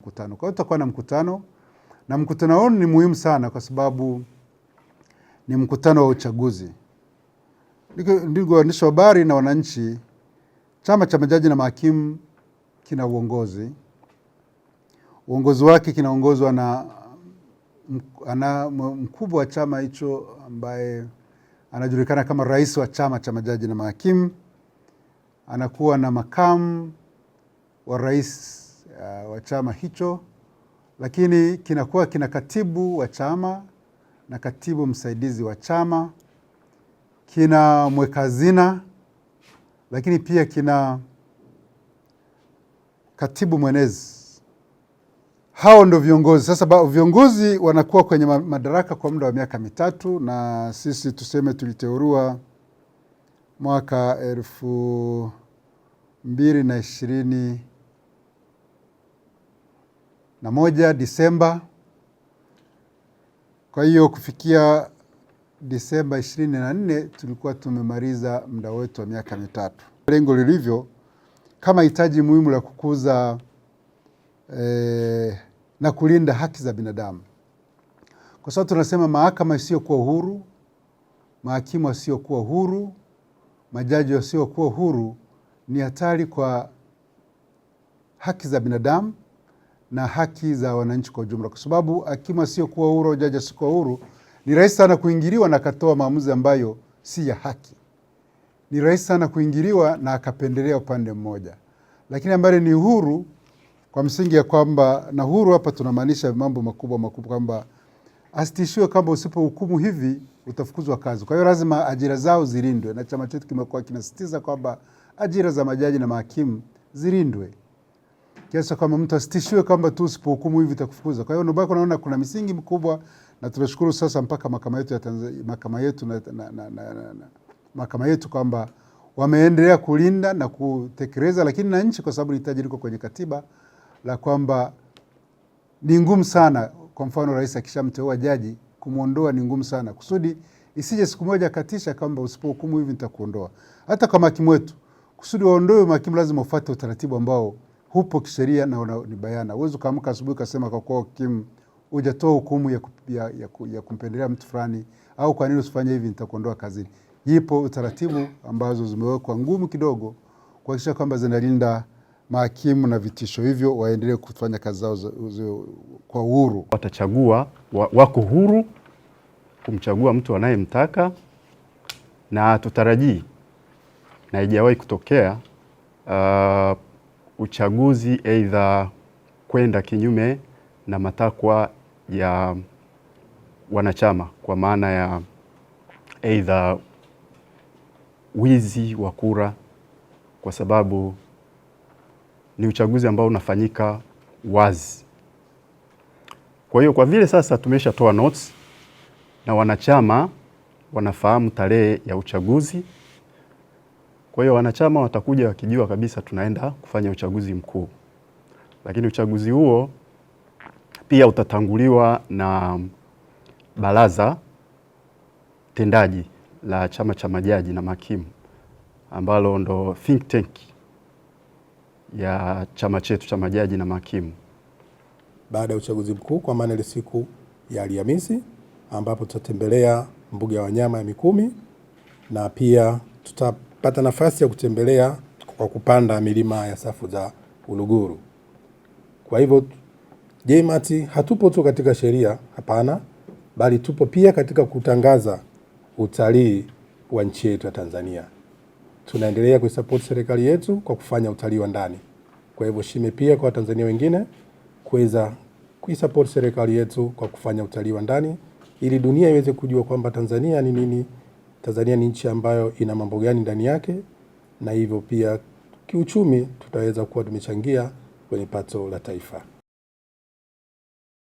Mkutano. Kwa hiyo tutakuwa na mkutano na mkutano huu ni muhimu sana kwa sababu ni mkutano wa uchaguzi. Ndugu waandishi wa habari na wananchi, chama cha majaji na mahakimu kina uongozi. Uongozi wake kinaongozwa na ana mkubwa wa chama hicho ambaye anajulikana kama rais wa chama cha majaji na mahakimu, anakuwa na makamu wa rais uh, wa chama hicho, lakini kinakuwa kina katibu wa chama na katibu msaidizi wa chama, kina mweka hazina, lakini pia kina katibu mwenezi. Hao ndo viongozi. Sasa viongozi wanakuwa kwenye madaraka kwa muda wa miaka mitatu, na sisi tuseme tuliteuriwa mwaka elfu mbili na ishirini na moja Disemba. Kwa hiyo kufikia Disemba ishirini na nne tulikuwa tumemaliza muda wetu wa miaka mitatu. Lengo lilivyo kama hitaji muhimu la kukuza eh, na kulinda haki za binadamu, kwa sababu tunasema mahakama isiyokuwa huru, mahakimu wasiokuwa huru, majaji wasiokuwa huru ni hatari kwa haki za binadamu na haki za wananchi kwa ujumla, kwa sababu hakimu asiyokuwa huru au jaji asiyokuwa huru ni rahisi sana kuingiliwa na akatoa maamuzi ambayo si ya haki. Ni rahisi sana kuingiliwa na akapendelea upande mmoja, lakini ambaye ni huru kwa msingi ya kwamba, na huru hapa tunamaanisha mambo makubwa makubwa, kwamba asitishiwe kwamba usipohukumu hivi utafukuzwa kazi. Kwa hiyo lazima ajira zao zilindwe, na chama chetu kimekuwa kinasisitiza kwamba ajira za majaji na mahakimu zilindwe kiasi kwamba mtu asitishiwe kwamba tu usipohukumu hivi itakufukuza. Kwa hiyo ndio maana unaona kuna misingi mikubwa, na tunashukuru sasa mpaka mahakama yetu ya Tanzania, mahakama yetu na, na, na, na, na na, mahakama yetu kwamba wameendelea kulinda na kutekeleza, lakini na nchi, kwa sababu litaji liko kwenye katiba la kwamba ni ngumu sana, kwa mfano rais akishamteua jaji kumwondoa ni ngumu sana, kusudi isije siku moja katisha kwamba usipohukumu hivi nitakuondoa. Hata kwa mahakimu wetu, kusudi waondoe makimu, lazima ufuate utaratibu ambao hupo kisheria na ni bayana. Huwezi ukaamka asubuhi ukasema kwa kuwa hakimu hujatoa hukumu ya, ya, ya, ya kumpendelea mtu fulani au kwa nini usifanye hivi, nitakuondoa kazini. Ipo utaratibu ambazo zimewekwa ngumu kidogo kuhakikisha kwamba zinalinda mahakimu na vitisho hivyo, waendelee kufanya kazi zao kwa uhuru. Watachagua wa, wako huru kumchagua mtu anayemtaka na tutarajii na haijawahi kutokea uh, uchaguzi aidha kwenda kinyume na matakwa ya wanachama kwa maana ya aidha wizi wa kura, kwa sababu ni uchaguzi ambao unafanyika wazi. Kwa hiyo kwa vile sasa tumeshatoa notes na wanachama wanafahamu tarehe ya uchaguzi kwa hiyo wanachama watakuja wakijua kabisa tunaenda kufanya uchaguzi mkuu, lakini uchaguzi huo pia utatanguliwa na baraza tendaji la chama cha majaji na makimu ambalo ndo think tank ya chama chetu cha majaji na makimu baada ya uchaguzi mkuu, kwa maana ile siku ya Alhamisi ambapo tutatembelea mbuga ya wanyama ya Mikumi na pia tuta pata nafasi ya kutembelea kwa kupanda milima ya safu za Uluguru. Kwa hivyo JMAT hatupo tu katika sheria, hapana, bali tupo pia katika kutangaza utalii wa nchi yetu ya Tanzania. Tunaendelea kuisapoti serikali yetu kwa kufanya utalii wa ndani. Kwa hivyo shime pia kwa Watanzania wengine kuweza kuisapoti serikali yetu kwa kufanya utalii wa ndani ili dunia iweze kujua kwamba Tanzania ni nini Tanzania ni nchi ambayo ina mambo gani ndani yake, na hivyo pia kiuchumi tutaweza kuwa tumechangia kwenye pato la taifa.